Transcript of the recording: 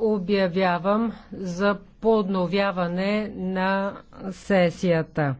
обявявам за подновяване на сесията.